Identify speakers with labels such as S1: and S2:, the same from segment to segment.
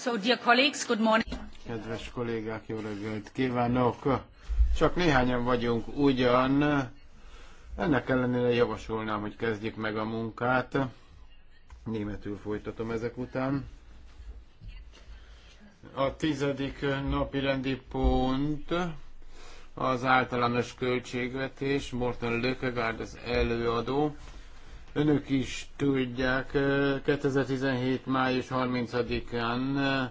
S1: So, dear colleagues, good morning.
S2: Kedves kollégák, jó reggelt kívánok! Csak néhányan vagyunk ugyan. Ennek ellenére javasolnám, hogy kezdjük meg a munkát. Németül folytatom ezek után. A tizedik napi rendi pont az általános költségvetés. Morten Lökegárd az előadó. Önök is tudják, 2017. Eh, május 30-án eh,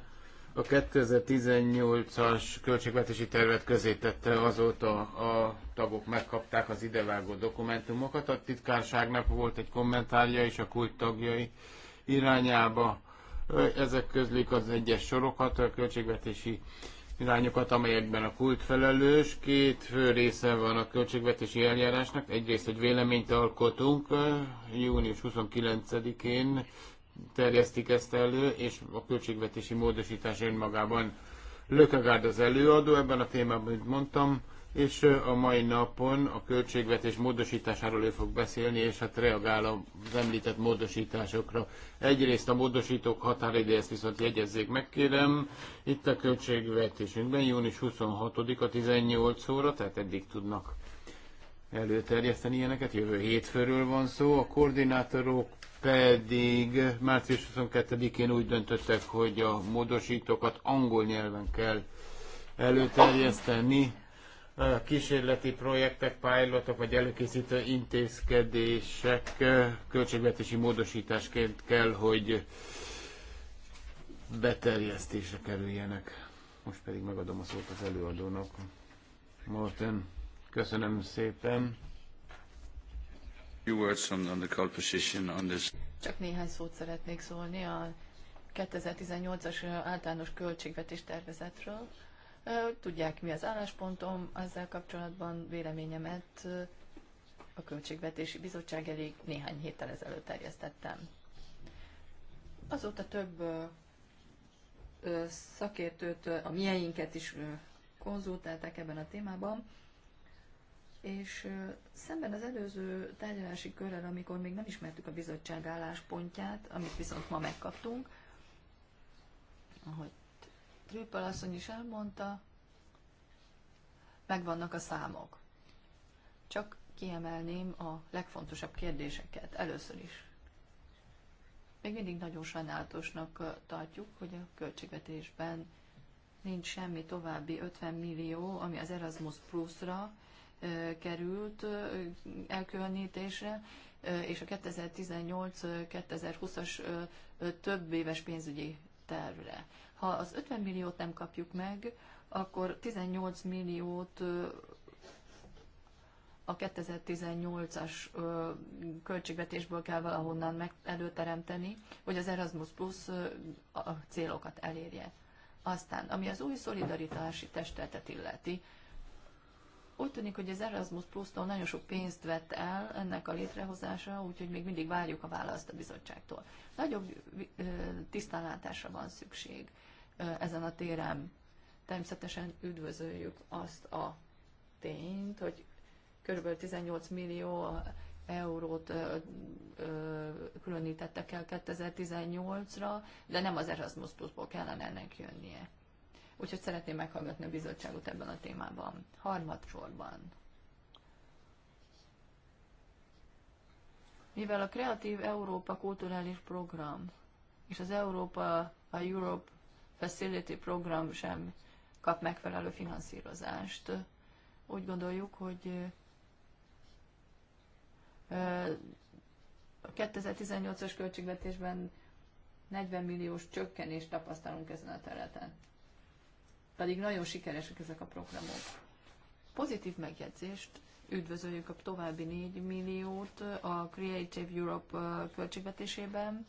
S2: a 2018-as költségvetési tervet közé tette azóta a tagok megkapták az idevágó dokumentumokat. A titkárságnak volt egy kommentárja is a kult tagjai irányába. Eh, ezek közlik az egyes sorokat a költségvetési irányokat, amelyekben a kult felelős. Két fő része van a költségvetési eljárásnak. Egyrészt egy véleményt alkotunk, június 29-én terjesztik ezt elő, és a költségvetési módosítás önmagában Lökegárd az előadó ebben a témában, mint mondtam és a mai napon a költségvetés módosításáról ő fog beszélni, és hát reagál az említett módosításokra. Egyrészt a módosítók határidejét viszont jegyezzék meg, kérem. Itt a költségvetésünkben június 26-a 18 óra, tehát eddig tudnak előterjeszteni ilyeneket. Jövő hétfőről van szó. A koordinátorok pedig március 22-én úgy döntöttek, hogy a módosítókat angol nyelven kell előterjeszteni kísérleti projektek, pályalatok vagy előkészítő intézkedések költségvetési módosításként kell, hogy beterjesztésre kerüljenek. Most pedig megadom a szót az előadónak. Morten, köszönöm szépen.
S1: Csak néhány szót szeretnék szólni a 2018-as általános költségvetés tervezetről Tudják, mi az álláspontom ezzel kapcsolatban, véleményemet a Költségvetési Bizottság elég néhány héttel ezelőtt terjesztettem. Azóta több szakértőt, a mieinket is konzultálták ebben a témában, és szemben az előző tárgyalási körrel, amikor még nem ismertük a bizottság álláspontját, amit viszont ma megkaptunk, ahogy Trüppel asszony is elmondta, megvannak a számok. Csak kiemelném a legfontosabb kérdéseket először is. Még mindig nagyon sajnálatosnak tartjuk, hogy a költségvetésben nincs semmi további 50 millió, ami az Erasmus Plus-ra került elkülönítésre, és a 2018-2020-as több éves pénzügyi tervre. Ha az 50 milliót nem kapjuk meg, akkor 18 milliót a 2018-as költségvetésből kell valahonnan meg előteremteni, hogy az Erasmus Plus a célokat elérje. Aztán, ami az új szolidaritási testetet illeti, úgy tűnik, hogy az Erasmus Plus-tól nagyon sok pénzt vett el ennek a létrehozása, úgyhogy még mindig várjuk a választ a bizottságtól. Nagyobb tisztánlátásra van szükség ezen a téren. Természetesen üdvözöljük azt a tényt, hogy kb. 18 millió eurót ö, ö, különítettek el 2018-ra, de nem az Erasmus Plus-ból kellene ennek jönnie. Úgyhogy szeretném meghallgatni a bizottságot ebben a témában. Harmadsorban. Mivel a Kreatív Európa kulturális program és az Európa, a Europe Facility program sem kap megfelelő finanszírozást. Úgy gondoljuk, hogy a 2018-as költségvetésben 40 milliós csökkenést tapasztalunk ezen a területen. Pedig nagyon sikeresek ezek a programok. Pozitív megjegyzést üdvözöljük a további 4 milliót a Creative Europe költségvetésében,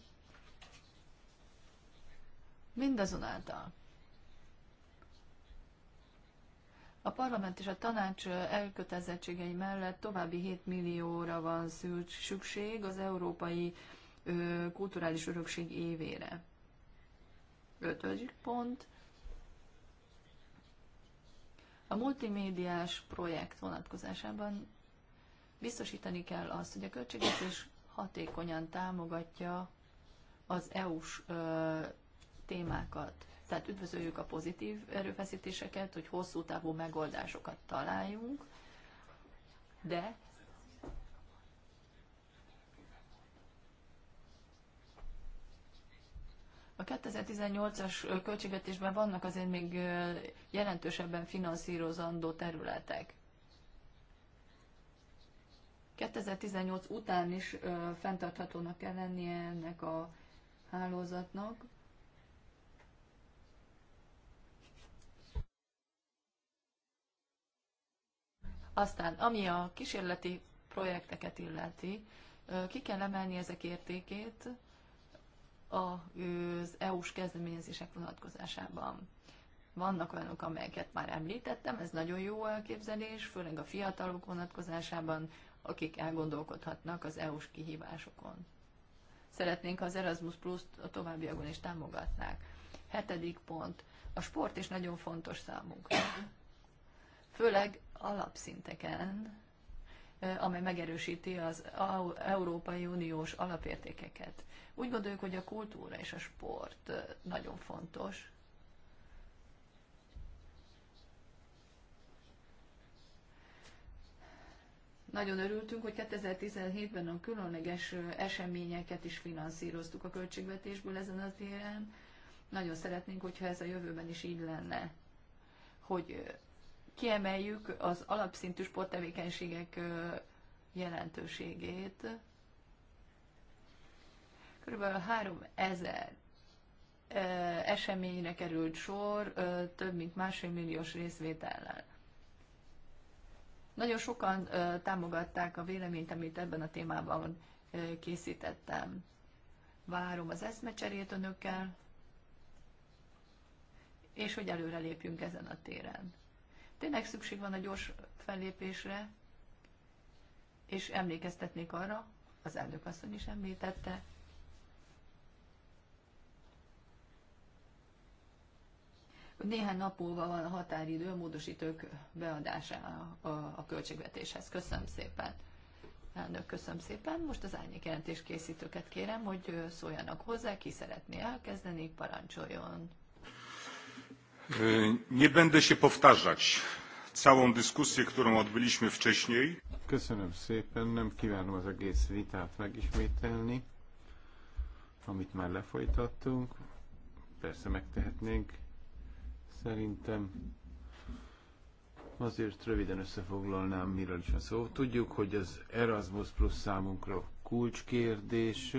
S1: Mindazonáltal a parlament és a tanács elkötelezettségei mellett további 7 millióra van szükség az európai ö, kulturális örökség évére. Ötödik pont. A multimédiás projekt vonatkozásában biztosítani kell azt, hogy a költségvetés hatékonyan támogatja az EU-s témákat. Tehát üdvözöljük a pozitív erőfeszítéseket, hogy hosszú távú megoldásokat találjunk, de A 2018-as költségvetésben vannak azért még jelentősebben finanszírozandó területek. 2018 után is fenntarthatónak kell lennie ennek a hálózatnak. Aztán, ami a kísérleti projekteket illeti, ki kell emelni ezek értékét az EU-s kezdeményezések vonatkozásában. Vannak olyanok, amelyeket már említettem, ez nagyon jó elképzelés, főleg a fiatalok vonatkozásában, akik elgondolkodhatnak az EU-s kihívásokon. Szeretnénk, ha az Erasmus plus a továbbiakban is támogatnák. Hetedik pont. A sport is nagyon fontos számunkra főleg alapszinteken, amely megerősíti az Európai Uniós alapértékeket. Úgy gondoljuk, hogy a kultúra és a sport nagyon fontos. Nagyon örültünk, hogy 2017-ben a különleges eseményeket is finanszíroztuk a költségvetésből ezen a téren. Nagyon szeretnénk, hogyha ez a jövőben is így lenne, hogy kiemeljük az alapszintű sporttevékenységek jelentőségét. Körülbelül 3000 eseményre került sor, több mint másfél milliós részvétellel. Nagyon sokan támogatták a véleményt, amit ebben a témában készítettem. Várom az eszmecserét önökkel, és hogy előrelépjünk ezen a téren. Tényleg szükség van a gyors fellépésre, és emlékeztetnék arra, az elnök asszony is említette, hogy néhány nap múlva van a határidő a módosítók beadása a költségvetéshez. Köszönöm szépen. Elnök, köszönöm szépen. Most az árnyék jelentés készítőket kérem, hogy szóljanak hozzá, ki szeretné elkezdeni, parancsoljon.
S2: E, nie będę się powtarzać. Całą dyskusję, którą odbyliśmy wcześniej. Köszönöm szépen, nem kívánom az egész vitát megismételni, amit már lefolytattunk. Persze megtehetnénk, szerintem. Azért röviden összefoglalnám, miről is van szó. Tudjuk, hogy az Erasmus Plus számunkra kulcskérdés,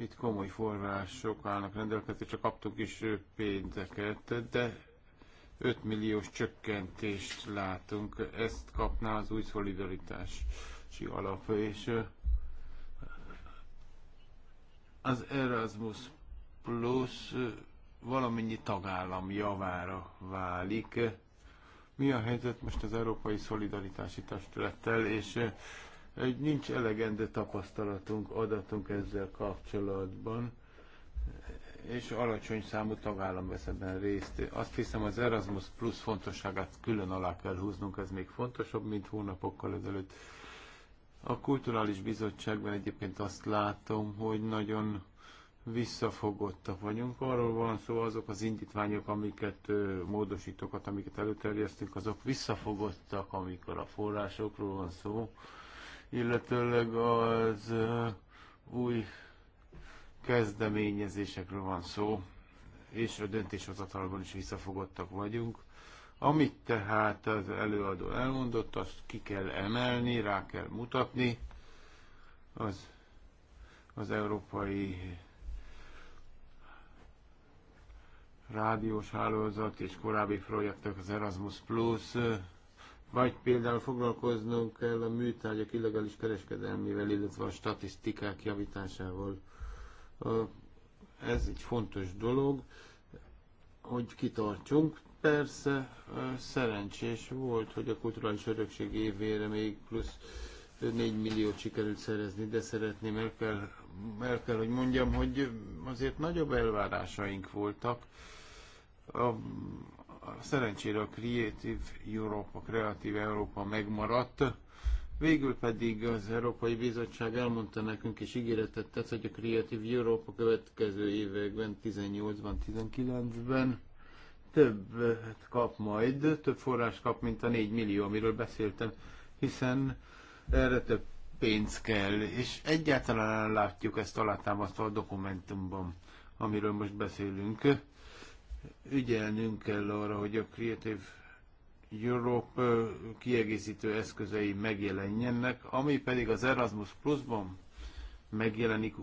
S2: itt komoly források állnak rendelkezésre, kaptunk is pénzeket, de 5 milliós csökkentést látunk. Ezt kapná az új szolidaritási alap, és az Erasmus Plus valamennyi tagállam javára válik. Mi a helyzet most az Európai Szolidaritási Testülettel, és egy nincs elegendő tapasztalatunk, adatunk ezzel kapcsolatban, és alacsony számú tagállam vesz ebben részt. Azt hiszem az Erasmus Plus fontosságát külön alá kell húznunk, ez még fontosabb, mint hónapokkal ezelőtt. A Kulturális Bizottságban egyébként azt látom, hogy nagyon visszafogottak vagyunk. Arról van szó, azok az indítványok, amiket módosítókat, amiket előterjesztünk, azok visszafogottak, amikor a forrásokról van szó illetőleg az új kezdeményezésekről van szó, és a döntéshozatalban is visszafogottak vagyunk. Amit tehát az előadó elmondott, azt ki kell emelni, rá kell mutatni. Az, az európai rádiós hálózat és korábbi projektek, az Erasmus Plus vagy például foglalkoznunk kell a műtárgyak illegális kereskedelmével, illetve a statisztikák javításával. Ez egy fontos dolog, hogy kitartsunk. Persze szerencsés volt, hogy a kulturális örökség évére még plusz 4 millió sikerült szerezni, de szeretném el kell, el kell, hogy mondjam, hogy azért nagyobb elvárásaink voltak. A, Szerencsére a Creative Europe, a Kreatív Európa megmaradt, Végül pedig az Európai Bizottság elmondta nekünk és ígéretet tett, hogy a Creative Europe a következő években, 18-ban, 19-ben többet kap majd, több forrás kap, mint a 4 millió, amiről beszéltem, hiszen erre több pénz kell, és egyáltalán látjuk ezt alátámasztva a dokumentumban, amiről most beszélünk ügyelnünk kell arra, hogy a Creative Europe kiegészítő eszközei megjelenjenek, ami pedig az Erasmus Plus-ban megjelenik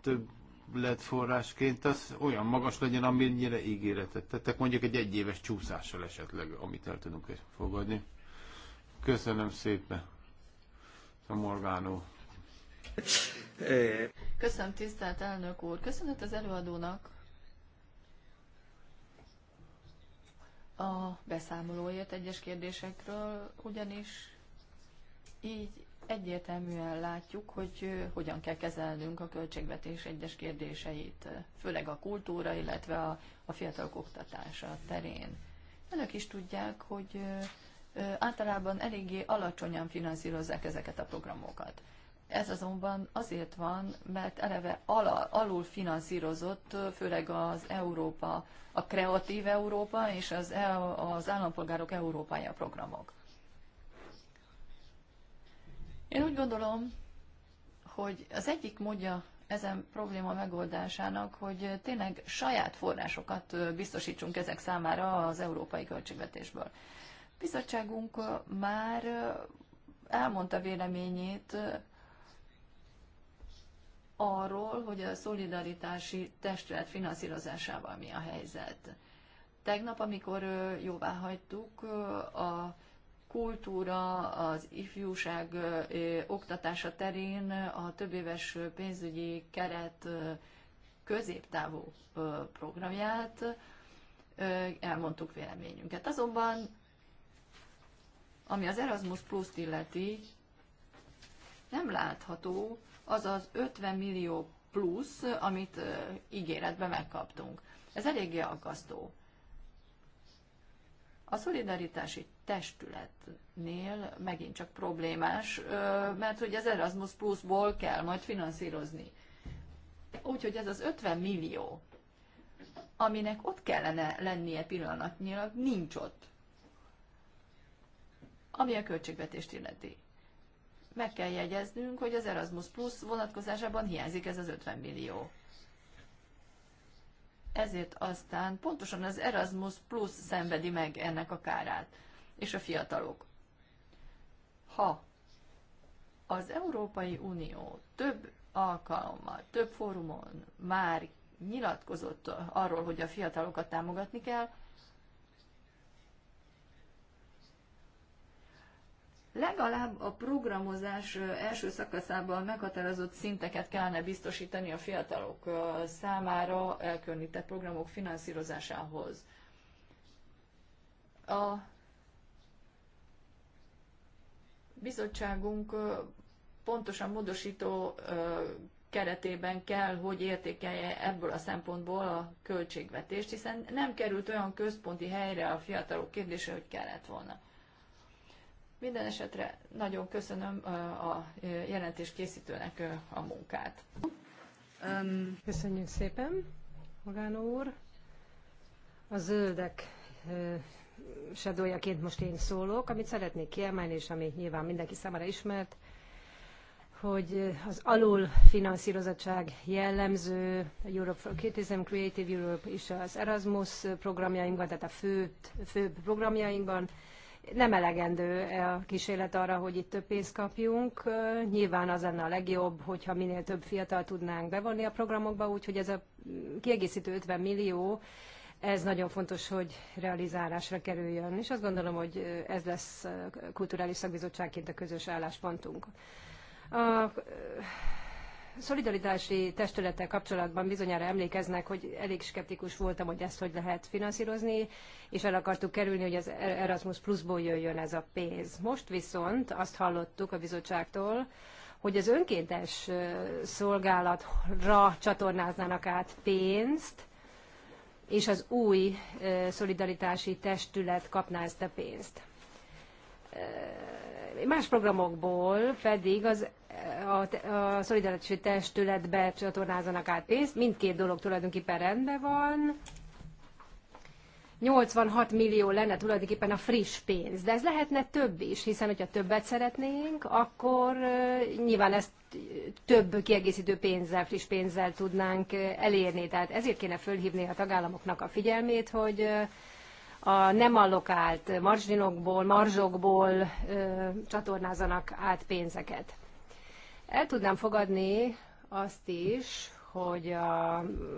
S2: többletforrásként, az olyan magas legyen, amennyire ígéretet tettek, mondjuk egy egyéves csúszással esetleg, amit el tudunk fogadni. Köszönöm szépen, a Morgánó.
S1: Köszönöm, tisztelt elnök úr. Köszönet az előadónak a beszámolóját egyes kérdésekről, ugyanis így egyértelműen látjuk, hogy hogyan kell kezelnünk a költségvetés egyes kérdéseit, főleg a kultúra, illetve a, a fiatalok oktatása terén. Önök is tudják, hogy általában eléggé alacsonyan finanszírozzák ezeket a programokat. Ez azonban azért van, mert eleve ala, alul finanszírozott, főleg az Európa, a Kreatív Európa és az, e, az Állampolgárok Európája programok. Én úgy gondolom, hogy az egyik módja ezen probléma megoldásának, hogy tényleg saját forrásokat biztosítsunk ezek számára az európai költségvetésből. Bizottságunk már elmondta véleményét arról, hogy a szolidaritási testület finanszírozásával mi a helyzet. Tegnap, amikor jóvá hagytuk a kultúra, az ifjúság oktatása terén a többéves pénzügyi keret középtávú programját, elmondtuk véleményünket. Azonban, ami az Erasmus Plus-t illeti, nem látható, az az 50 millió plusz, amit ígéretben megkaptunk. Ez eléggé aggasztó. A szolidaritási testületnél megint csak problémás, mert hogy az Erasmus pluszból kell majd finanszírozni. Úgyhogy ez az 50 millió, aminek ott kellene lennie pillanatnyilag, nincs ott. Ami a költségvetést illeti meg kell jegyeznünk, hogy az Erasmus Plus vonatkozásában hiányzik ez az 50 millió. Ezért aztán pontosan az Erasmus Plus szenvedi meg ennek a kárát, és a fiatalok. Ha az Európai Unió több alkalommal, több fórumon már nyilatkozott arról, hogy a fiatalokat támogatni kell, legalább a programozás első szakaszában meghatározott szinteket kellene biztosítani a fiatalok számára elkülönített programok finanszírozásához. A bizottságunk pontosan módosító keretében kell, hogy értékelje ebből a szempontból a költségvetést, hiszen nem került olyan központi helyre a fiatalok kérdése, hogy kellett volna. Minden esetre nagyon köszönöm a jelentés készítőnek a munkát. Köszönjük szépen, Magánó úr.
S3: A zöldek sedójaként most én szólok, amit szeretnék kiemelni, és ami nyilván mindenki számára ismert, hogy az alul finanszírozottság jellemző a Europe for Criticism, Creative Europe és az Erasmus programjainkban, tehát a fő, fő programjainkban, nem elegendő a kísérlet arra, hogy itt több pénzt kapjunk. Nyilván az lenne a legjobb, hogyha minél több fiatal tudnánk bevonni a programokba, úgyhogy ez a kiegészítő 50 millió, ez nagyon fontos, hogy realizálásra kerüljön, és azt gondolom, hogy ez lesz kulturális szakbizottságként a közös álláspontunk. A szolidaritási testülettel kapcsolatban bizonyára emlékeznek, hogy elég skeptikus voltam, hogy ezt hogy lehet finanszírozni, és el akartuk kerülni, hogy az Erasmus Plusból jöjjön ez a pénz. Most viszont azt hallottuk a bizottságtól, hogy az önkéntes szolgálatra csatornáznának át pénzt, és az új szolidaritási testület kapná ezt a pénzt. Más programokból pedig az a, a szolidaritási testületbe csatornázanak át pénzt. Mindkét dolog tulajdonképpen rendben van. 86 millió lenne tulajdonképpen a friss pénz, de ez lehetne több is, hiszen hogyha többet szeretnénk, akkor nyilván ezt több kiegészítő pénzzel, friss pénzzel tudnánk elérni. Tehát ezért kéne fölhívni a tagállamoknak a figyelmét, hogy a nem allokált marzsinokból, marzsokból ö, csatornázanak át pénzeket. El tudnám fogadni azt is, hogy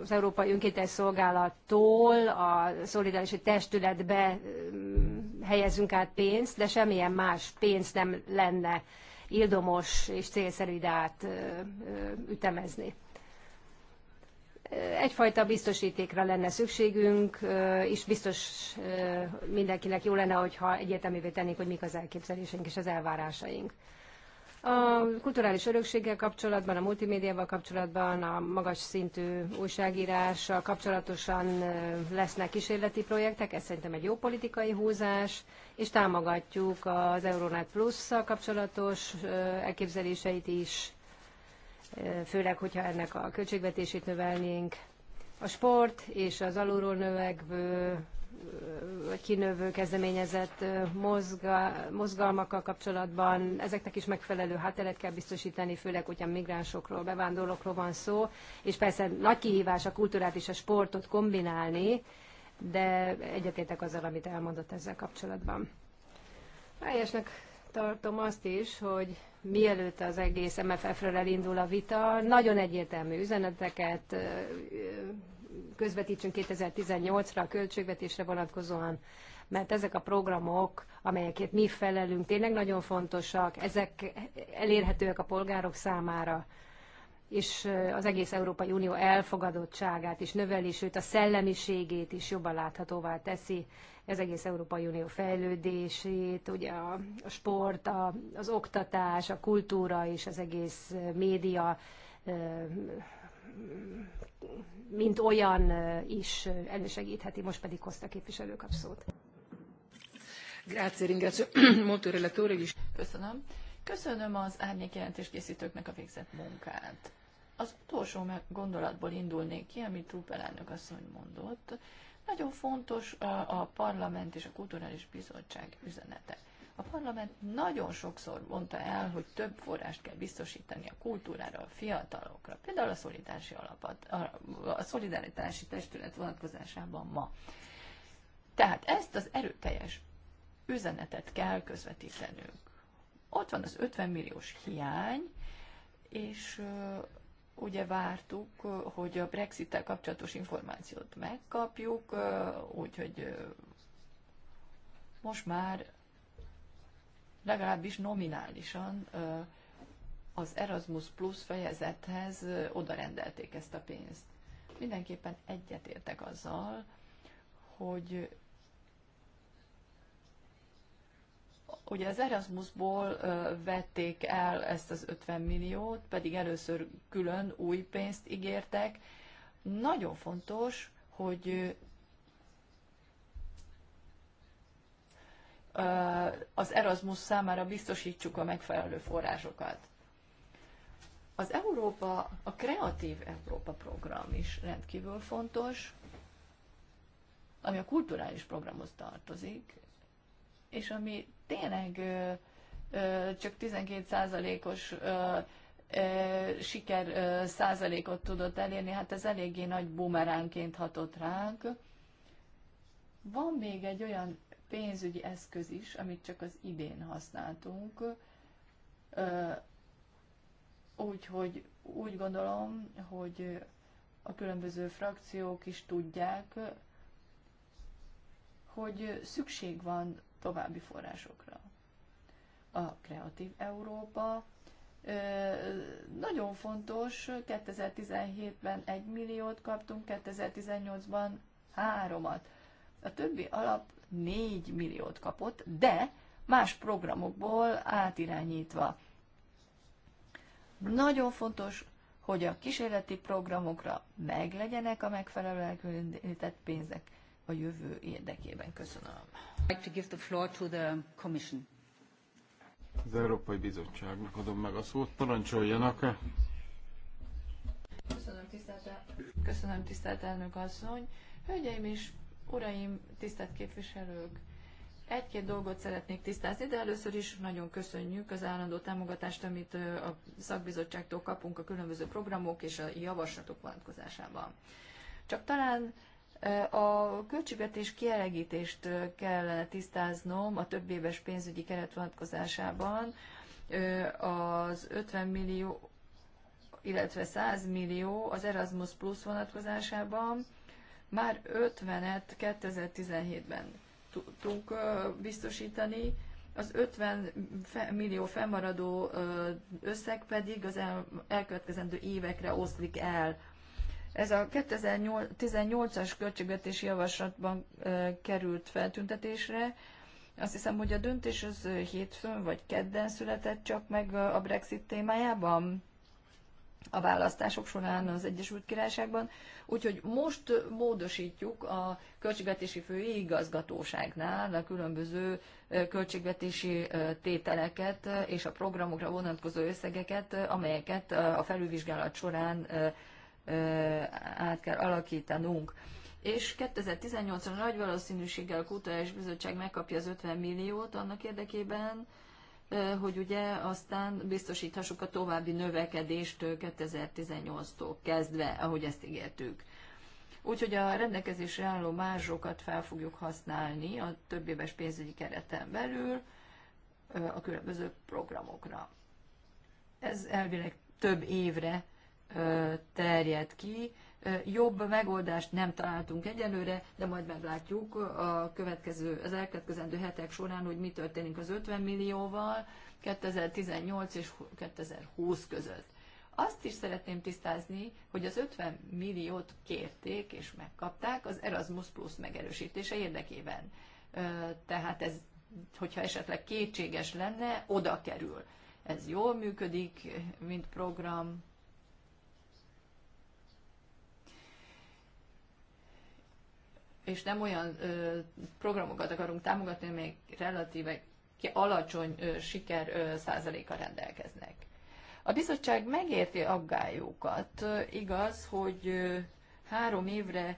S3: az Európai Önkéntes Szolgálattól a szolidárisági testületbe mm, helyezünk át pénzt, de semmilyen más pénz nem lenne ildomos és célszerű ide át ütemezni. Egyfajta biztosítékra lenne szükségünk, és biztos mindenkinek jó lenne, hogyha egyértelművé tennénk, hogy mik az elképzeléseink és az elvárásaink. A kulturális örökséggel kapcsolatban, a multimédiával kapcsolatban, a magas szintű újságírással kapcsolatosan lesznek kísérleti projektek, ez szerintem egy jó politikai húzás, és támogatjuk az Euronet Plus-szal kapcsolatos elképzeléseit is, főleg, hogyha ennek a költségvetését növelnénk. A sport és az alulról növekvő kinövő kezdeményezett mozga, mozgalmakkal kapcsolatban ezeknek is megfelelő hátteret kell biztosítani, főleg, hogyha migránsokról, bevándorlókról van szó, és persze nagy kihívás a kultúrát és a sportot kombinálni, de egyetértek azzal, amit elmondott ezzel kapcsolatban. Helyesnek tartom azt is, hogy mielőtt az egész MFF-ről elindul a vita, nagyon egyértelmű üzeneteket közvetítsünk 2018-ra a költségvetésre vonatkozóan, mert ezek a programok, amelyekért mi felelünk, tényleg nagyon fontosak, ezek elérhetőek a polgárok számára és az egész Európai Unió elfogadottságát is növeli, sőt a szellemiségét is jobban láthatóvá teszi, ez egész Európai Unió fejlődését, ugye a, a sport, a, az oktatás, a kultúra és az egész média mint olyan is
S1: elősegítheti. Most pedig Koszta képviselő kap szót. Grazie, ringrazio molto relatore is. Köszönöm. Köszönöm az árnyék jelentéskészítőknek a végzett munkát. Az utolsó gondolatból indulnék ki, amit Trupel elnök asszony mondott. Nagyon fontos a parlament és a kulturális bizottság üzenete. A parlament nagyon sokszor mondta el, hogy több forrást kell biztosítani a kultúrára, a fiatalokra, például a szolidaritási, alapat, a szolidaritási testület vonatkozásában ma. Tehát ezt az erőteljes üzenetet kell közvetítenünk. Ott van az 50 milliós hiány, és ugye vártuk, hogy a Brexit-tel kapcsolatos információt megkapjuk, úgyhogy most már legalábbis nominálisan az Erasmus Plus fejezethez odarendelték ezt a pénzt. Mindenképpen egyetértek azzal, hogy ugye az Erasmusból vették el ezt az 50 milliót, pedig először külön új pénzt ígértek. Nagyon fontos, hogy az Erasmus számára biztosítsuk a megfelelő forrásokat. Az Európa, a Kreatív Európa program is rendkívül fontos, ami a kulturális programhoz tartozik, és ami tényleg ö, ö, csak 12%-os siker ö, százalékot tudott elérni, hát ez eléggé nagy bumeránként hatott ránk. Van még egy olyan pénzügyi eszköz is, amit csak az idén használtunk. Úgyhogy úgy gondolom, hogy a különböző frakciók is tudják, hogy szükség van további forrásokra. A Kreatív Európa nagyon fontos, 2017-ben 1 milliót kaptunk, 2018-ban 3-at. A többi alap 4 milliót kapott, de más programokból átirányítva. Nagyon fontos, hogy a kísérleti programokra meglegyenek a megfelelő elkülönített pénzek a jövő érdekében. Köszönöm. Like to give the floor to the commission.
S2: Az Európai Bizottságnak adom meg a szót, parancsoljanak. -e.
S1: Köszönöm, tisztelt, köszönöm, tisztelt elnök asszony. Hölgyeim és Uraim, tisztelt képviselők! Egy-két dolgot szeretnék tisztázni, de először is nagyon köszönjük az állandó támogatást, amit a szakbizottságtól kapunk a különböző programok és a javaslatok vonatkozásában. Csak talán a költségvetés kielegítést kellene tisztáznom a több éves pénzügyi keret vonatkozásában. Az 50 millió, illetve 100 millió az Erasmus Plus vonatkozásában, már 50-et 2017-ben tudtunk biztosítani, az 50 millió fennmaradó összeg pedig az el, elkövetkezendő évekre oszlik el. Ez a 2018-as költségvetési javaslatban került feltüntetésre. Azt hiszem, hogy a döntés az hétfőn vagy kedden született csak meg a Brexit témájában a választások során az Egyesült Királyságban. Úgyhogy most módosítjuk a költségvetési főigazgatóságnál a különböző költségvetési tételeket és a programokra vonatkozó összegeket, amelyeket a felülvizsgálat során át kell alakítanunk. És 2018-ra nagy valószínűséggel a Kutatás Bizottság megkapja az 50 milliót annak érdekében, hogy ugye aztán biztosíthassuk a további növekedést 2018-tól kezdve, ahogy ezt ígértük. Úgyhogy a rendelkezésre álló mázsokat fel fogjuk használni a több éves pénzügyi kereten belül a különböző programokra. Ez elvileg több évre terjed ki, jobb megoldást nem találtunk egyelőre, de majd meglátjuk a következő, az elkövetkezendő hetek során, hogy mi történik az 50 millióval 2018 és 2020 között. Azt is szeretném tisztázni, hogy az 50 milliót kérték és megkapták az Erasmus Plus megerősítése érdekében. Tehát ez, hogyha esetleg kétséges lenne, oda kerül. Ez jól működik, mint program, és nem olyan ö, programokat akarunk támogatni, amelyek relatíve alacsony ö, siker ö, százaléka rendelkeznek. A bizottság megérti aggályókat. Igaz, hogy ö, három évre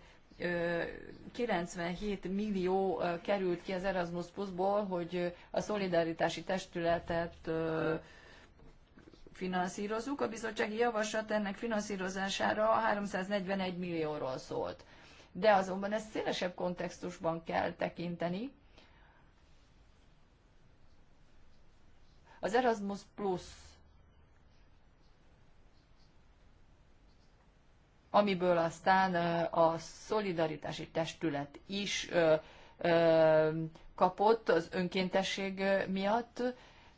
S1: 97 millió került ki az Erasmus Plus-ból, hogy a szolidaritási testületet finanszírozzuk. A bizottsági javaslat ennek finanszírozására 341 millióról szólt de azonban ezt szélesebb kontextusban kell tekinteni. Az Erasmus Plus, amiből aztán a szolidaritási testület is kapott az önkéntesség miatt,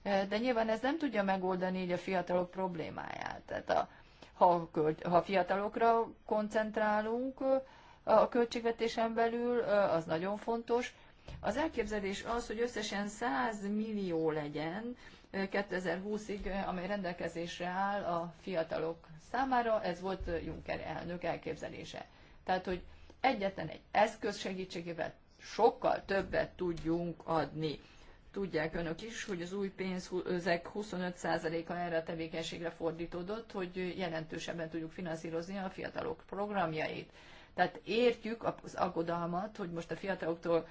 S1: de nyilván ez nem tudja megoldani így a fiatalok problémáját. Tehát a, ha, ha a fiatalokra koncentrálunk, a költségvetésen belül, az nagyon fontos. Az elképzelés az, hogy összesen 100 millió legyen 2020-ig, amely rendelkezésre áll a fiatalok számára, ez volt Juncker elnök elképzelése. Tehát, hogy egyetlen egy eszköz segítségével sokkal többet tudjunk adni. Tudják önök is, hogy az új pénzek 25%-a erre a tevékenységre fordítódott, hogy jelentősebben tudjuk finanszírozni a fiatalok programjait. Tehát értjük az aggodalmat, hogy most a fiataloktól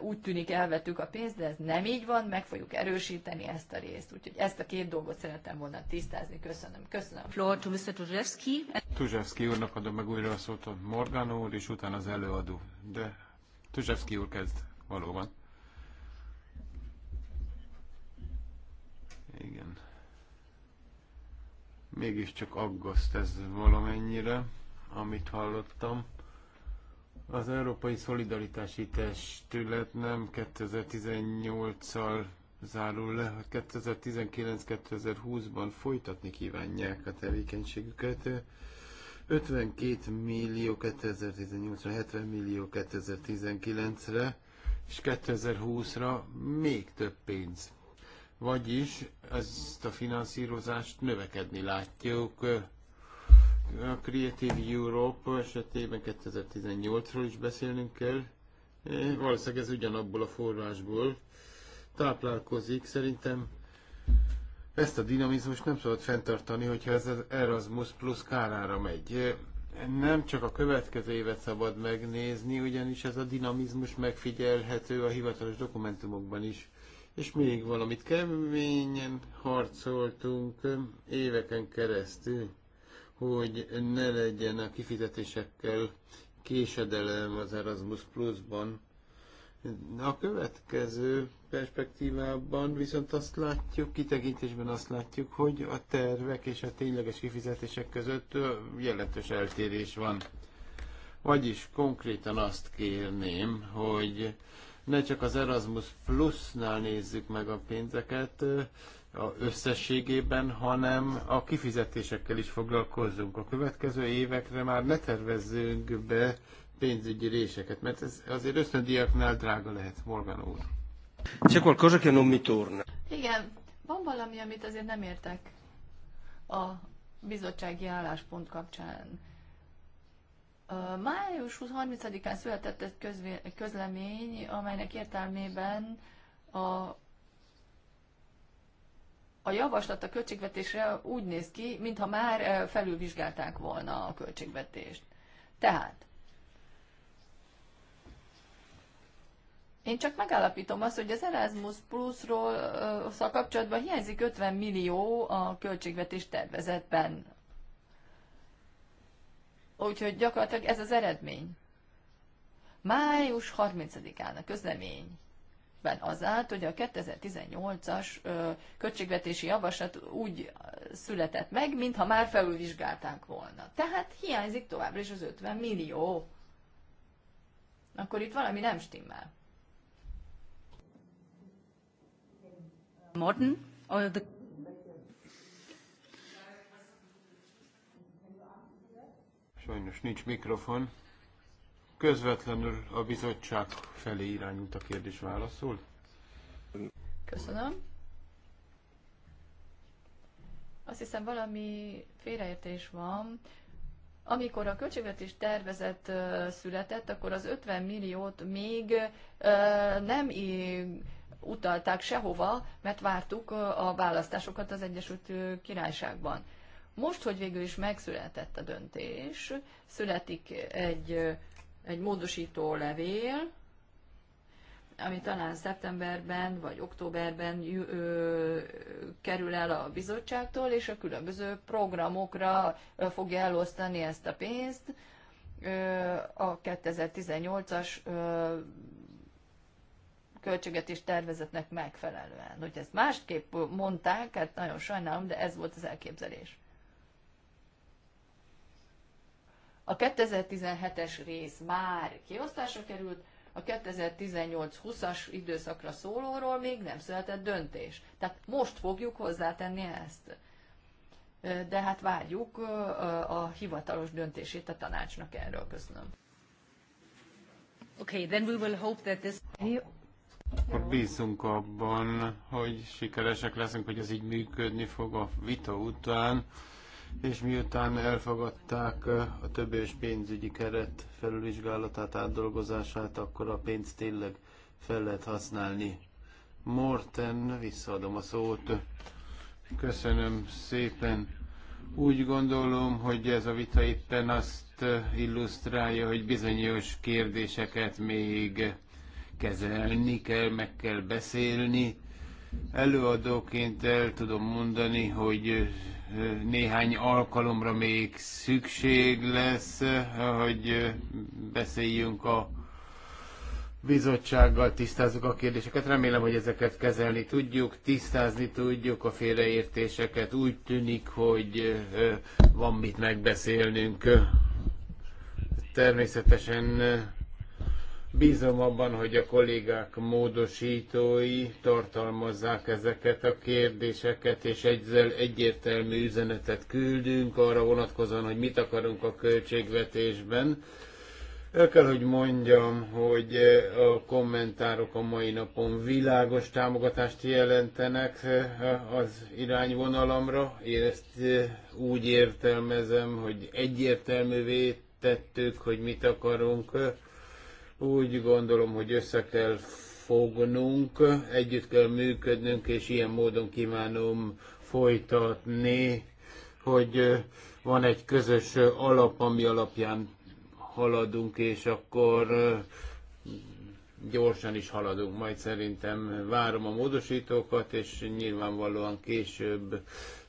S1: úgy tűnik elvettük a pénzt, de ez nem így van, meg fogjuk erősíteni ezt a részt. Úgyhogy ezt a két dolgot szeretem volna tisztázni. Köszönöm. Köszönöm. Floor to Mr. Tuzsevski.
S2: Tuzsevski úrnak adom meg újra a szót a Morgan úr, és utána az előadó. De Tuzsevski úr kezd valóban. Igen. Mégiscsak aggaszt ez valamennyire amit hallottam. Az Európai Szolidaritási Testület nem 2018 szal zárul le, 2019-2020-ban folytatni kívánják a tevékenységüket. 52 millió 2018-ra, 70 millió 2019-re, és 2020-ra még több pénz. Vagyis ezt a finanszírozást növekedni látjuk a Creative Europe esetében 2018-ról is beszélnünk kell. Valószínűleg ez ugyanabból a forrásból táplálkozik. Szerintem ezt a dinamizmust nem szabad fenntartani, hogyha ez az Erasmus plusz kárára megy. Nem csak a következő évet szabad megnézni, ugyanis ez a dinamizmus megfigyelhető a hivatalos dokumentumokban is. És még valamit keményen harcoltunk éveken keresztül hogy ne legyen a kifizetésekkel késedelem az Erasmus Plus-ban. A következő perspektívában viszont azt látjuk, kitekintésben azt látjuk, hogy a tervek és a tényleges kifizetések között jelentős eltérés van. Vagyis konkrétan azt kérném, hogy ne csak az Erasmus Plus-nál nézzük meg a pénzeket a összességében, hanem a kifizetésekkel is foglalkozzunk. A következő évekre már ne tervezzünk be pénzügyi réseket, mert ez azért ösztöndiaknál drága lehet, Morgan úr. C'è qualcosa che non mi torna.
S1: Igen, van valami, amit azért nem értek a bizottsági álláspont kapcsán. Május 30-án született egy közlemény, amelynek értelmében a, a javaslat a költségvetésre úgy néz ki, mintha már felülvizsgálták volna a költségvetést. Tehát, én csak megállapítom azt, hogy az Erasmus Plus-ról kapcsolatban hiányzik 50 millió a költségvetés tervezetben Úgyhogy gyakorlatilag ez az eredmény. Május 30-án a közlemény az állt, hogy a 2018-as költségvetési javaslat úgy született meg, mintha már felülvizsgálták volna. Tehát hiányzik továbbra is az 50 millió. Akkor itt valami nem stimmel. Morten, or the
S2: Sajnos nincs mikrofon. Közvetlenül a bizottság felé irányult a kérdés válaszol.
S1: Köszönöm. Azt hiszem valami félreértés van. Amikor a költségvetés tervezet született, akkor az 50 milliót még nem utalták sehova, mert vártuk a választásokat az Egyesült Királyságban. Most, hogy végül is megszületett a döntés, születik egy, egy módosító levél, ami talán szeptemberben vagy októberben ö, kerül el a bizottságtól, és a különböző programokra fogja elosztani ezt a pénzt ö, a 2018-as költségvetés tervezetnek megfelelően. Hogy ezt másképp mondták, hát nagyon sajnálom, de ez volt az elképzelés. A 2017-es rész már kiosztásra került, a 2018-20-as időszakra szólóról még nem született döntés. Tehát most fogjuk hozzátenni ezt. De hát várjuk a hivatalos döntését a tanácsnak erről. Köszönöm. Okay, then we will hope that this... Jó.
S2: Akkor bízunk abban, hogy sikeresek leszünk, hogy ez így működni fog a vita után és miután elfogadták a több és pénzügyi keret felülvizsgálatát, átdolgozását, akkor a pénzt tényleg fel lehet használni. Morten, visszaadom a szót. Köszönöm szépen. Úgy gondolom, hogy ez a vita éppen azt illusztrálja, hogy bizonyos kérdéseket még kezelni kell, meg kell beszélni Előadóként el tudom mondani, hogy néhány alkalomra még szükség lesz, hogy beszéljünk a bizottsággal tisztázzuk a kérdéseket. Remélem, hogy ezeket kezelni tudjuk, tisztázni tudjuk a félreértéseket. Úgy tűnik, hogy van mit megbeszélnünk. Természetesen Bízom abban, hogy a kollégák módosítói tartalmazzák ezeket a kérdéseket, és ezzel egyértelmű üzenetet küldünk arra vonatkozóan, hogy mit akarunk a költségvetésben. El kell, hogy mondjam, hogy a kommentárok a mai napon világos támogatást jelentenek az irányvonalamra. Én ezt úgy értelmezem, hogy egyértelművé tettük, hogy mit akarunk úgy gondolom, hogy össze kell fognunk, együtt kell működnünk, és ilyen módon kívánom folytatni, hogy van egy közös alap, ami alapján haladunk, és akkor gyorsan is haladunk. Majd szerintem várom a módosítókat, és nyilvánvalóan később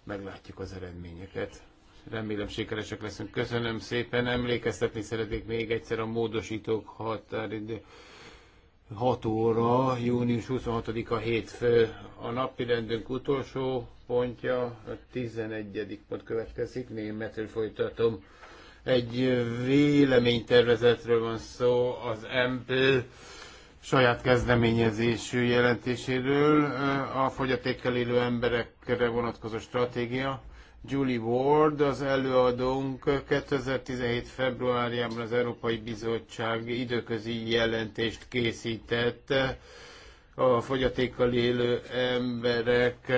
S2: meglátjuk az eredményeket. Remélem sikeresek leszünk. Köszönöm szépen. Emlékeztetni szeretnék még egyszer a módosítók határidő. 6 óra, június 26-a hétfő. A napi rendünk utolsó pontja, a 11. pont következik, németről folytatom. Egy véleménytervezetről van szó az MP saját kezdeményezésű jelentéséről, a fogyatékkel élő emberekre vonatkozó stratégia. Julie Ward, az előadónk 2017. februárjában az Európai Bizottság időközi jelentést készített a fogyatékkal élő emberek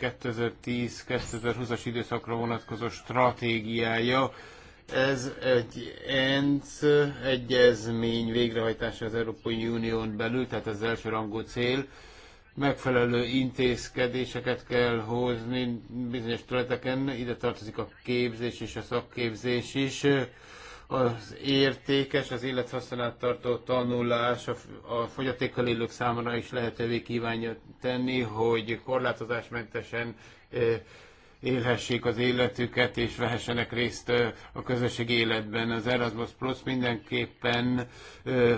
S2: 2010-2020-as időszakra vonatkozó stratégiája. Ez egy ENC egyezmény végrehajtása az Európai Unión belül, tehát az első rangú cél megfelelő intézkedéseket kell hozni bizonyos területeken, ide tartozik a képzés és a szakképzés is, az értékes, az élethasználat tartó tanulás a, a fogyatékkal élők számára is lehetővé kívánja tenni, hogy korlátozásmentesen élhessék az életüket, és vehessenek részt a közösségi életben. Az Erasmus Plus mindenképpen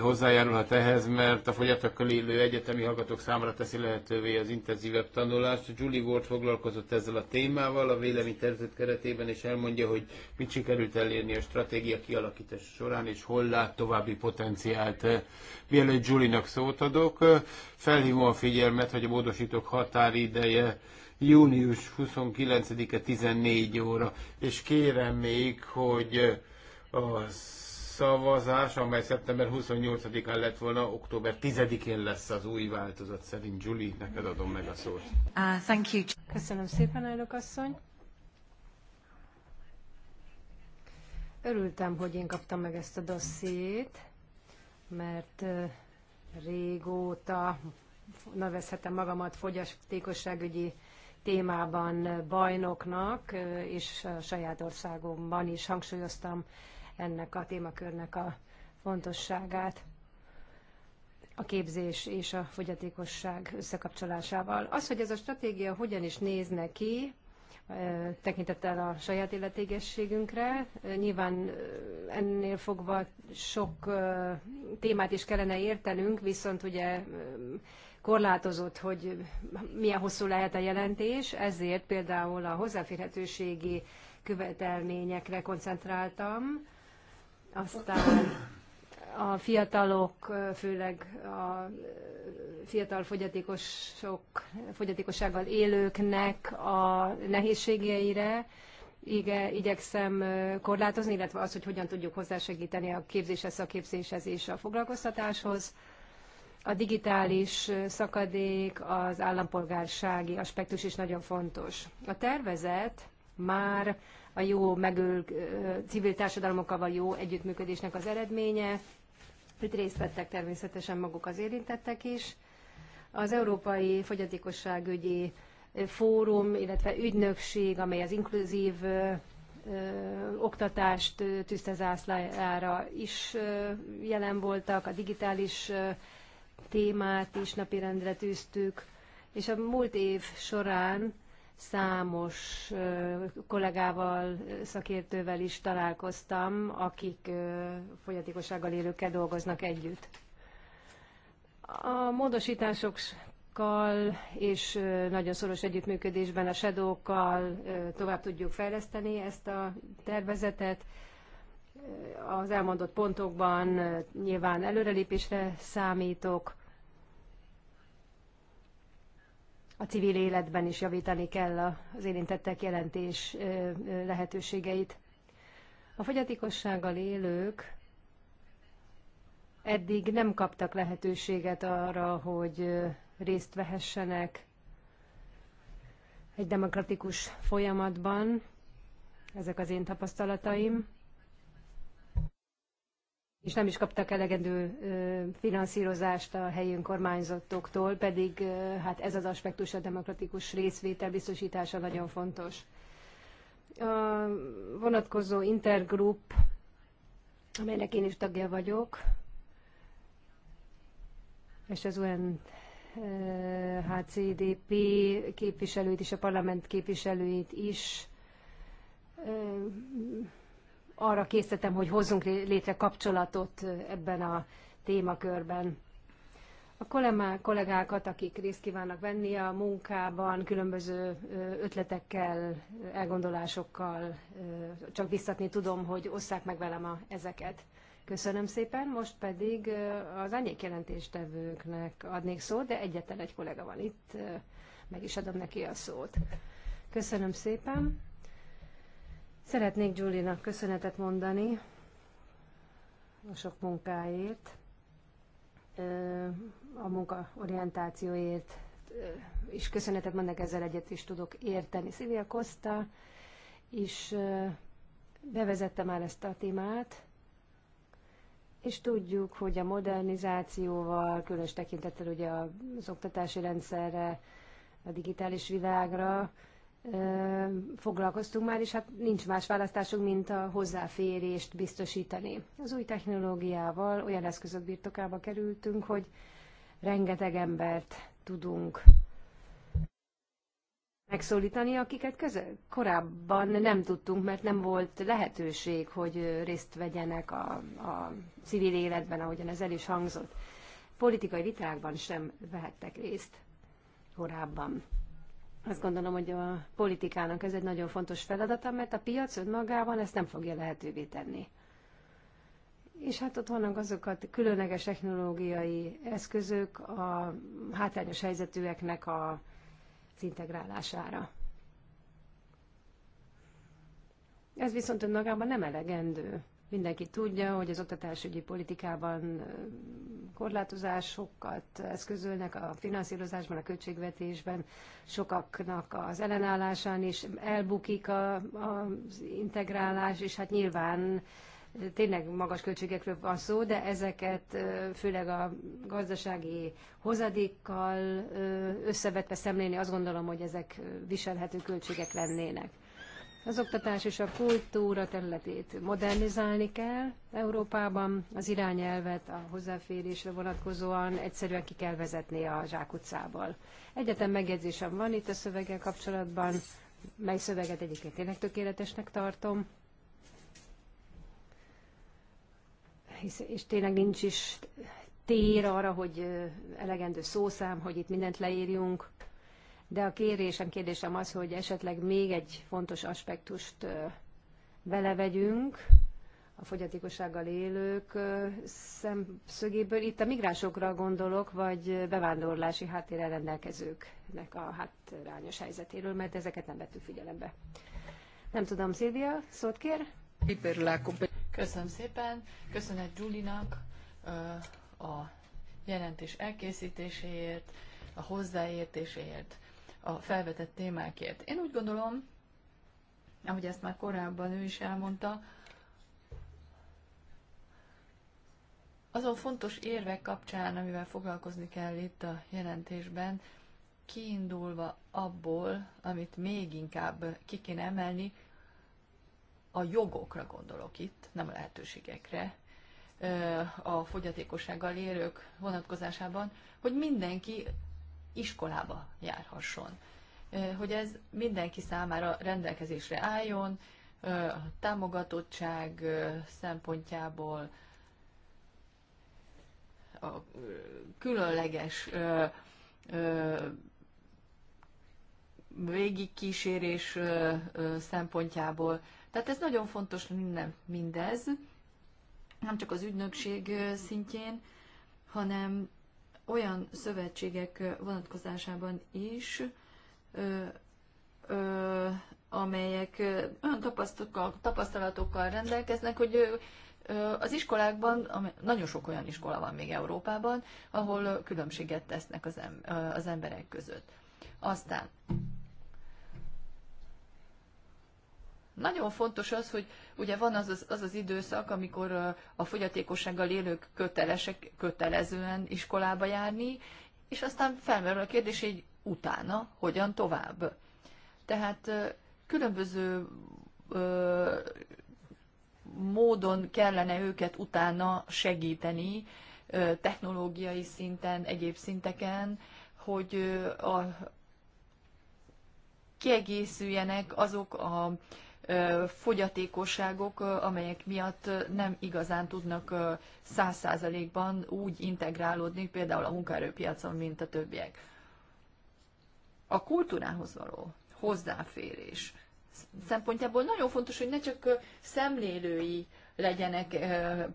S2: hozzájárulhat ehhez, mert a fogyatokkal élő egyetemi hallgatók számára teszi lehetővé az intenzívebb tanulást. Julie Ward foglalkozott ezzel a témával a véleménytervezet keretében, és elmondja, hogy mit sikerült elérni a stratégia kialakítása során, és hol lát további potenciált. Mielőtt Julie-nak szót adok, felhívom a figyelmet, hogy a módosítók határideje június 29-e 14 óra, és kérem még, hogy a szavazás, amely szeptember 28-án lett volna, október 10-én lesz az új változat szerint. Julie, neked adom meg a szót.
S1: Uh,
S3: thank you. Köszönöm szépen, elnök asszony. Örültem, hogy én kaptam meg ezt a dossziét, mert régóta nevezhetem magamat fogyatékosságügyi témában bajnoknak, és a saját országomban is hangsúlyoztam ennek a témakörnek a fontosságát a képzés és a fogyatékosság összekapcsolásával. Az, hogy ez a stratégia hogyan is nézne ki, tekintettel a saját életégességünkre. Nyilván ennél fogva sok témát is kellene értenünk, viszont ugye korlátozott, hogy milyen hosszú lehet a jelentés, ezért például a hozzáférhetőségi követelményekre koncentráltam, aztán a fiatalok, főleg a fiatal fogyatékosok, fogyatékossággal élőknek a nehézségeire ige, igyekszem korlátozni, illetve az, hogy hogyan tudjuk hozzásegíteni a képzéshez, a képzéshez és a foglalkoztatáshoz. A digitális szakadék, az állampolgársági aspektus is nagyon fontos. A tervezet már a jó megöl, civil társadalmokkal a jó együttműködésnek az eredménye. Itt részt vettek természetesen maguk az érintettek is. Az Európai Fogyatékosságügyi Fórum, illetve ügynökség, amely az inkluzív oktatást tűzte zászlájára is jelen voltak, a digitális témát is napirendre tűztük, és a múlt év során számos kollégával, szakértővel is találkoztam, akik fogyatékossággal élőkkel dolgoznak együtt. A módosítások és nagyon szoros együttműködésben a shadow tovább tudjuk fejleszteni ezt a tervezetet, az elmondott pontokban nyilván előrelépésre számítok. A civil életben is javítani kell az érintettek jelentés lehetőségeit. A fogyatékossággal élők eddig nem kaptak lehetőséget arra, hogy részt vehessenek egy demokratikus folyamatban. Ezek az én tapasztalataim és nem is kaptak elegendő finanszírozást a helyi önkormányzatoktól, pedig hát ez az aspektus a demokratikus részvétel biztosítása nagyon fontos. A vonatkozó intergroup, amelynek én is tagja vagyok, és az UN HCDP képviselőit és a parlament képviselőit is arra készítettem, hogy hozzunk létre kapcsolatot ebben a témakörben. A kollégákat, akik részt kívánnak venni a munkában, különböző ötletekkel, elgondolásokkal, csak visszatni tudom, hogy osszák meg velem a, ezeket. Köszönöm szépen, most pedig az anyék jelentéstevőknek adnék szót, de egyetlen egy kollega van itt, meg is adom neki a szót. Köszönöm szépen. Szeretnék julie köszönetet mondani a sok munkáért, a orientációért és köszönetet mondnak ezzel egyet is tudok érteni. Szilvia Costa is bevezette már ezt a témát, és tudjuk, hogy a modernizációval, különös tekintettel ugye az oktatási rendszerre, a digitális világra, foglalkoztunk már, és hát nincs más választásunk, mint a hozzáférést biztosítani. Az új technológiával olyan eszközök birtokába kerültünk, hogy rengeteg embert tudunk megszólítani, akiket közel, korábban nem tudtunk, mert nem volt lehetőség, hogy részt vegyenek a, a civil életben, ahogyan ez el is hangzott. Politikai vitákban sem vehettek részt korábban. Azt gondolom, hogy a politikának ez egy nagyon fontos feladata, mert a piac önmagában ezt nem fogja lehetővé tenni. És hát ott vannak azok a különleges technológiai eszközök a hátrányos helyzetűeknek a, integrálására. Ez viszont önmagában nem elegendő. Mindenki tudja, hogy az oktatásügyi politikában korlátozásokat eszközölnek a finanszírozásban, a költségvetésben, sokaknak az ellenállásán is elbukik a, az integrálás, és hát nyilván tényleg magas költségekről van szó, de ezeket főleg a gazdasági hozadékkal összevetve szemlélni, azt gondolom, hogy ezek viselhető költségek lennének. Az oktatás és a kultúra területét modernizálni kell Európában, az irányelvet a hozzáférésre vonatkozóan egyszerűen ki kell vezetni a zsákutcából. Egyetem megjegyzésem van itt a szöveggel kapcsolatban, mely szöveget egyébként tényleg tökéletesnek tartom, hisz, és tényleg nincs is tér arra, hogy elegendő szószám, hogy itt mindent leírjunk de a kérésem, kérdésem az, hogy esetleg még egy fontos aspektust belevegyünk a fogyatékossággal élők szemszögéből. Itt a migránsokra gondolok, vagy bevándorlási háttérrel rendelkezőknek a
S1: hátrányos helyzetéről, mert ezeket nem vettük figyelembe. Nem tudom, Szilvia, szót kér? Köszönöm szépen. Köszönet Julinak a jelentés elkészítéséért, a hozzáértéséért a felvetett témákért. Én úgy gondolom, ahogy ezt már korábban ő is elmondta, azon fontos érvek kapcsán, amivel foglalkozni kell itt a jelentésben, kiindulva abból, amit még inkább ki kéne emelni, a jogokra gondolok itt, nem a lehetőségekre, a fogyatékossággal élők vonatkozásában, hogy mindenki iskolába járhasson. Hogy ez mindenki számára rendelkezésre álljon, a támogatottság szempontjából, a különleges végigkísérés szempontjából. Tehát ez nagyon fontos minden, mindez, nem csak az ügynökség szintjén, hanem olyan szövetségek vonatkozásában is, amelyek olyan tapasztalatokkal rendelkeznek, hogy az iskolákban, nagyon sok olyan iskola van még Európában, ahol különbséget tesznek az emberek között. Aztán Nagyon fontos az, hogy ugye van az az, az, az időszak, amikor a fogyatékossággal élők kötelesek kötelezően iskolába járni, és aztán felmerül a kérdés, hogy utána hogyan tovább. Tehát különböző ö, módon kellene őket utána segíteni, ö, technológiai szinten, egyéb szinteken, hogy a, kiegészüljenek azok a fogyatékosságok, amelyek miatt nem igazán tudnak száz százalékban úgy integrálódni, például a munkaerőpiacon, mint a többiek. A kultúrához való hozzáférés szempontjából nagyon fontos, hogy ne csak szemlélői legyenek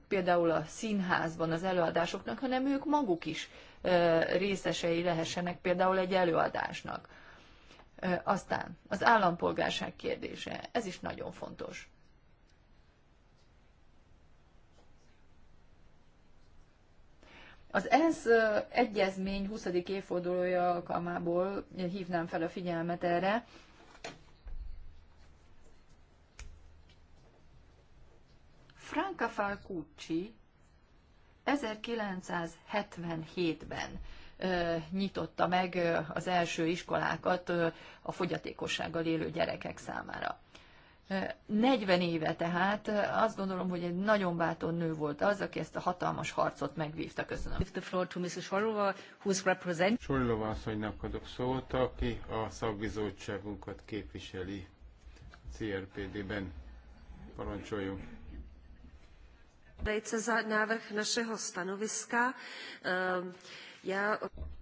S1: például a színházban az előadásoknak, hanem ők maguk is részesei lehessenek például egy előadásnak aztán az állampolgárság kérdése, ez is nagyon fontos. Az ENSZ egyezmény 20. évfordulója alkalmából hívnám fel a figyelmet erre. Franca Falcucci 1977-ben nyitotta meg az első iskolákat a fogyatékossággal élő gyerekek számára. 40 éve tehát azt gondolom, hogy egy nagyon bátor nő volt az, aki ezt a hatalmas harcot megvívta. Köszönöm. Give the floor to Mrs. Sorlova, who's represent...
S2: Sorlova asszonynak adok szót, aki a szakbizottságunkat képviseli CRPD-ben. Parancsoljunk.
S3: Dejce za návrh našeho stanoviska. Uh,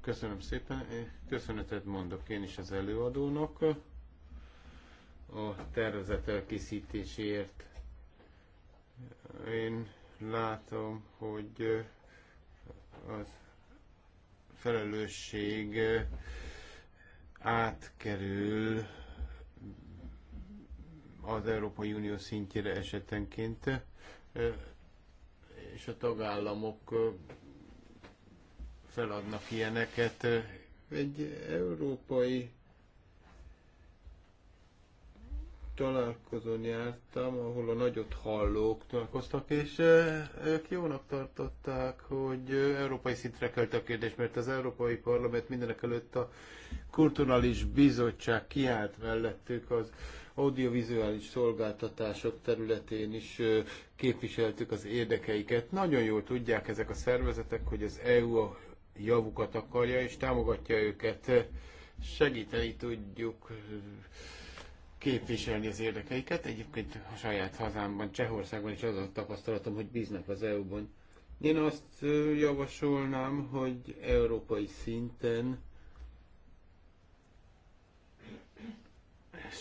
S2: Köszönöm szépen. Köszönetet mondok én is az előadónak a tervezet elkészítéséért. Én látom, hogy az felelősség átkerül az Európai Unió szintjére esetenként, és a tagállamok feladnak ilyeneket. Egy európai találkozón jártam, ahol a nagyot hallók találkoztak, és ők jónak tartották, hogy európai szintre kelt a kérdés, mert az Európai Parlament mindenek előtt a Kulturális Bizottság kiállt mellettük az audiovizuális szolgáltatások területén is képviseltük az érdekeiket. Nagyon jól tudják ezek a szervezetek, hogy az EU a javukat akarja, és támogatja őket. Segíteni tudjuk képviselni az érdekeiket. Egyébként a saját hazámban, Csehországban is az a tapasztalatom, hogy bíznak az EU-ban. Én azt javasolnám, hogy európai szinten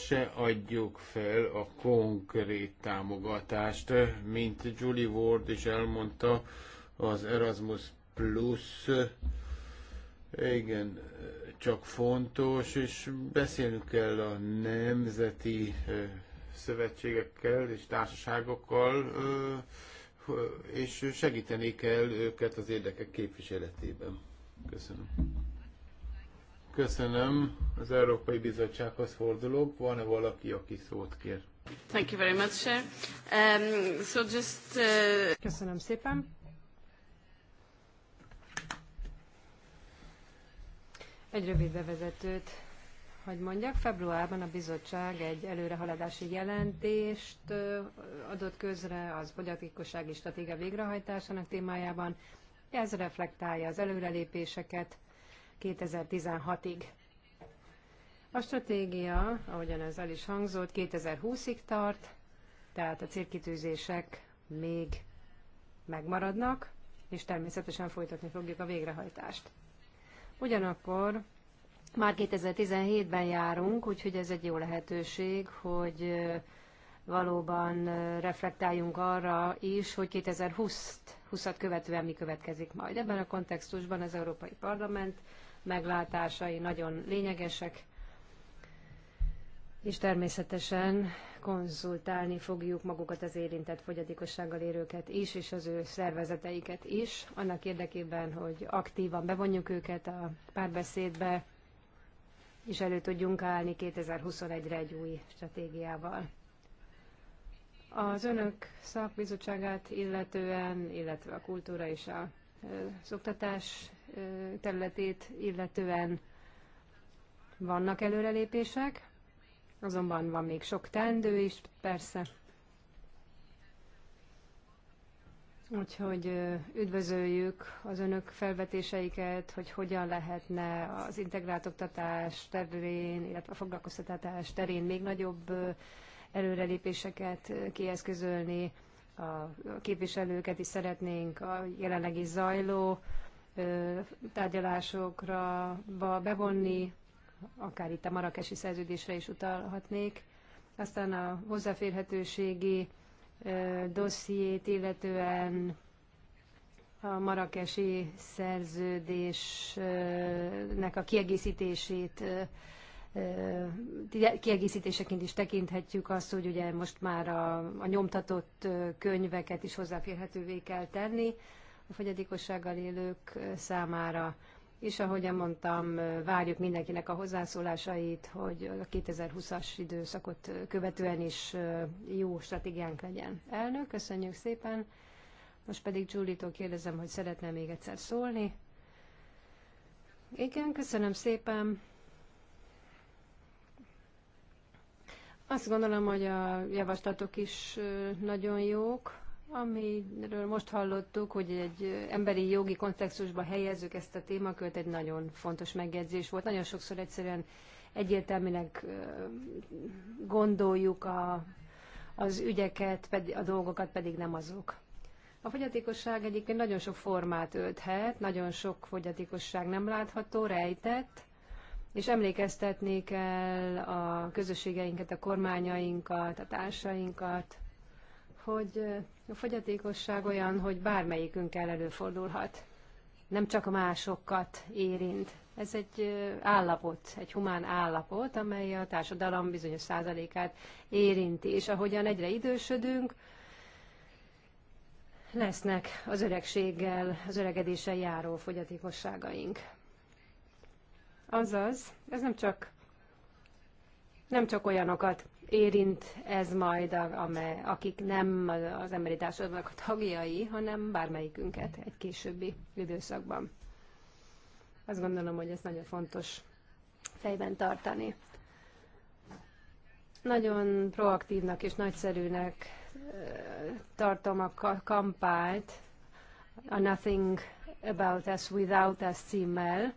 S2: se adjuk fel a konkrét támogatást, mint Julie Ward is elmondta, az Erasmus plusz, igen, csak fontos, és beszélnünk kell a nemzeti szövetségekkel és társaságokkal, és segíteni kell őket az érdekek képviseletében. Köszönöm. Köszönöm. Az Európai Bizottsághoz fordulok. Van-e valaki, aki szót kér?
S1: Thank you very much, sir.
S3: Um, so just, uh... Köszönöm szépen. Egy rövid bevezetőt, hogy mondjak, februárban a bizottság egy előrehaladási jelentést adott közre az fogyatékossági stratégia végrehajtásának témájában. Ez reflektálja az előrelépéseket 2016-ig. A stratégia, ahogyan ez el is hangzott, 2020-ig tart, tehát a célkitűzések még megmaradnak, és természetesen folytatni fogjuk a végrehajtást. Ugyanakkor már 2017-ben járunk, úgyhogy ez egy jó lehetőség, hogy valóban reflektáljunk arra is, hogy 2020-at követően mi következik majd. Ebben a kontextusban az Európai Parlament meglátásai nagyon lényegesek, és természetesen konzultálni fogjuk magukat az érintett fogyatékossággal érőket is, és az ő szervezeteiket is, annak érdekében, hogy aktívan bevonjuk őket a párbeszédbe, és elő tudjunk állni 2021-re egy új stratégiával. Az önök szakbizottságát illetően, illetve a kultúra és a szoktatás területét illetően vannak előrelépések, Azonban van még sok teendő is, persze. Úgyhogy üdvözöljük az önök felvetéseiket, hogy hogyan lehetne az integrált oktatás terén, illetve a foglalkoztatás terén még nagyobb előrelépéseket kieszközölni. A képviselőket is szeretnénk a jelenlegi zajló tárgyalásokra bevonni, akár itt a marakesi szerződésre is utalhatnék. Aztán a hozzáférhetőségi dossziét, illetően a marakesi szerződésnek a kiegészítését kiegészítéseként is tekinthetjük azt, hogy ugye most már a, a nyomtatott könyveket is hozzáférhetővé kell tenni a fogyatékossággal élők számára és ahogyan mondtam, várjuk mindenkinek a hozzászólásait, hogy a 2020-as időszakot követően is jó stratégiánk legyen. Elnök, köszönjük szépen. Most pedig Julie-tól kérdezem, hogy szeretne még egyszer szólni. Igen, köszönöm szépen. Azt gondolom, hogy a javaslatok is nagyon jók. Amiről most hallottuk, hogy egy emberi jogi kontextusba helyezzük ezt a témakört, egy nagyon fontos megjegyzés volt. Nagyon sokszor egyszerűen egyértelműnek gondoljuk a, az ügyeket, a dolgokat pedig nem azok. A fogyatékosság egyébként nagyon sok formát ölthet, nagyon sok fogyatékosság nem látható, rejtett, és emlékeztetni kell a közösségeinket, a kormányainkat, a társainkat, hogy a fogyatékosság olyan, hogy bármelyikünkkel előfordulhat. Nem csak másokat érint. Ez egy állapot, egy humán állapot, amely a társadalom bizonyos százalékát érinti. És ahogyan egyre idősödünk, lesznek az öregséggel, az öregedéssel járó fogyatékosságaink. Azaz, ez nem csak, nem csak olyanokat érint ez majd, akik nem az emberi társadalomnak a tagjai, hanem bármelyikünket egy későbbi időszakban. Azt gondolom, hogy ez nagyon fontos fejben tartani. Nagyon proaktívnak és nagyszerűnek tartom a kampányt, a Nothing About Us Without Us címmel,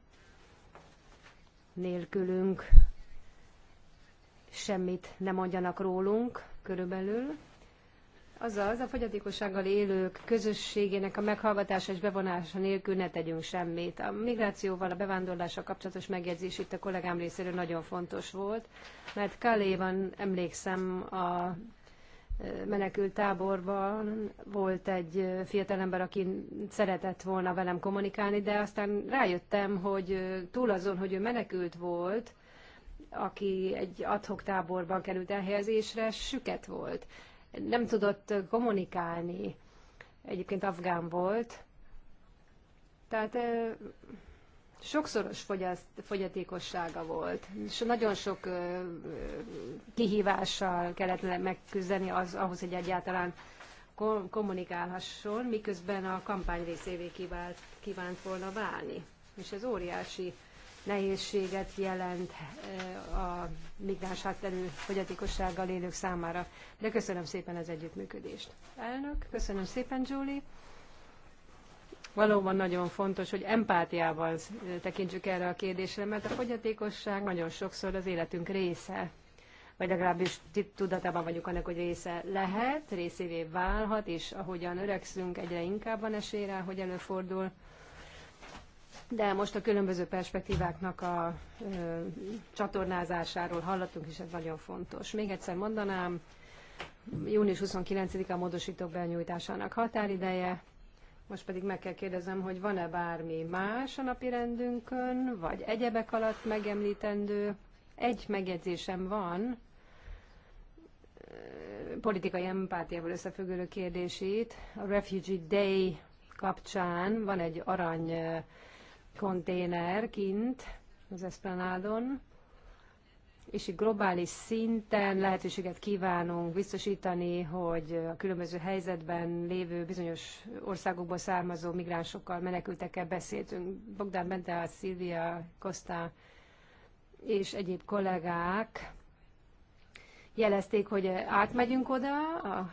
S3: nélkülünk semmit nem mondjanak rólunk körülbelül. Azaz, a fogyatékossággal élők közösségének a meghallgatása és bevonása nélkül ne tegyünk semmit. A migrációval, a bevándorlással kapcsolatos megjegyzés itt a kollégám részéről nagyon fontos volt, mert Kaléban emlékszem a e, menekült táborban volt egy fiatalember, aki szeretett volna velem kommunikálni, de aztán rájöttem, hogy e, túl azon, hogy ő menekült volt, aki egy adhok táborban került elhelyezésre, süket volt. Nem tudott kommunikálni. Egyébként afgán volt. Tehát sokszoros fogyaszt, fogyatékossága volt, és nagyon sok ö, kihívással kellett megküzdeni az, ahhoz, hogy egyáltalán kommunikálhasson, miközben a kampány részévé kívánt volna válni. És ez óriási nehézséget jelent eh, a migráns hátterű fogyatékossággal élők számára. De köszönöm szépen az együttműködést. Elnök, köszönöm szépen, Julie. Valóban nagyon fontos, hogy empátiával tekintsük erre a kérdésre, mert a fogyatékosság nagyon sokszor az életünk része vagy legalábbis tudatában vagyunk annak, hogy része lehet, részévé válhat, és ahogyan öregszünk, egyre inkább van esélyre, hogy előfordul de most a különböző perspektíváknak a ö, csatornázásáról hallottunk, és ez nagyon fontos. Még egyszer mondanám, június 29-a módosítók benyújtásának határideje, most pedig meg kell kérdezem, hogy van-e bármi más a napi rendünkön, vagy egyebek alatt megemlítendő. Egy megjegyzésem van, politikai empátiával összefüggő kérdését. A Refugee Day kapcsán van egy arany konténer kint az Esplanádon, és így globális szinten lehetőséget kívánunk biztosítani, hogy a különböző helyzetben lévő bizonyos országokból származó migránsokkal, menekültekkel beszéltünk. Bogdán Bente, Szilvia Kosta és egyéb kollégák jelezték, hogy átmegyünk oda a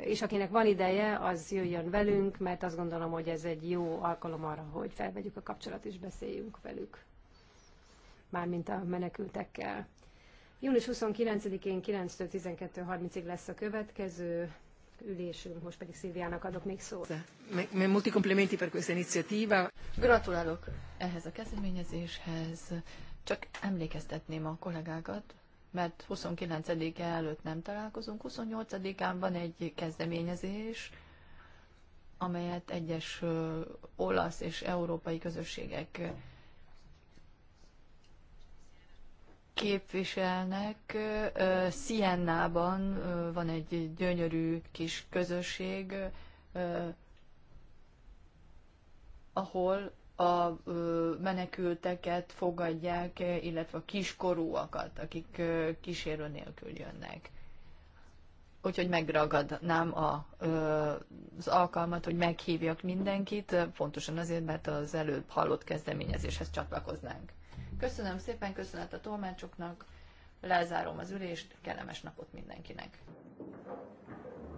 S3: és akinek van ideje, az jöjjön velünk, mert azt gondolom, hogy ez egy jó alkalom arra, hogy felvegyük a kapcsolat és beszéljünk velük, mármint a menekültekkel. Június 29-én 9-12.30-ig lesz a következő ülésünk, most pedig Szilviának adok még szót.
S1: Multi complimenti per questa iniziativa. Gratulálok ehhez a kezdeményezéshez. Csak emlékeztetném a kollégákat, mert 29-e előtt nem találkozunk. 28-án van egy kezdeményezés, amelyet egyes olasz és európai közösségek képviselnek. Siennában van egy gyönyörű kis közösség, ahol a menekülteket fogadják, illetve a kiskorúakat, akik kísérő nélkül jönnek. Úgyhogy megragadnám a, az alkalmat, hogy meghívjak mindenkit, pontosan azért, mert az előbb hallott kezdeményezéshez csatlakoznánk. Köszönöm szépen, köszönet a tolmácsoknak, lezárom az ülést, kellemes napot mindenkinek!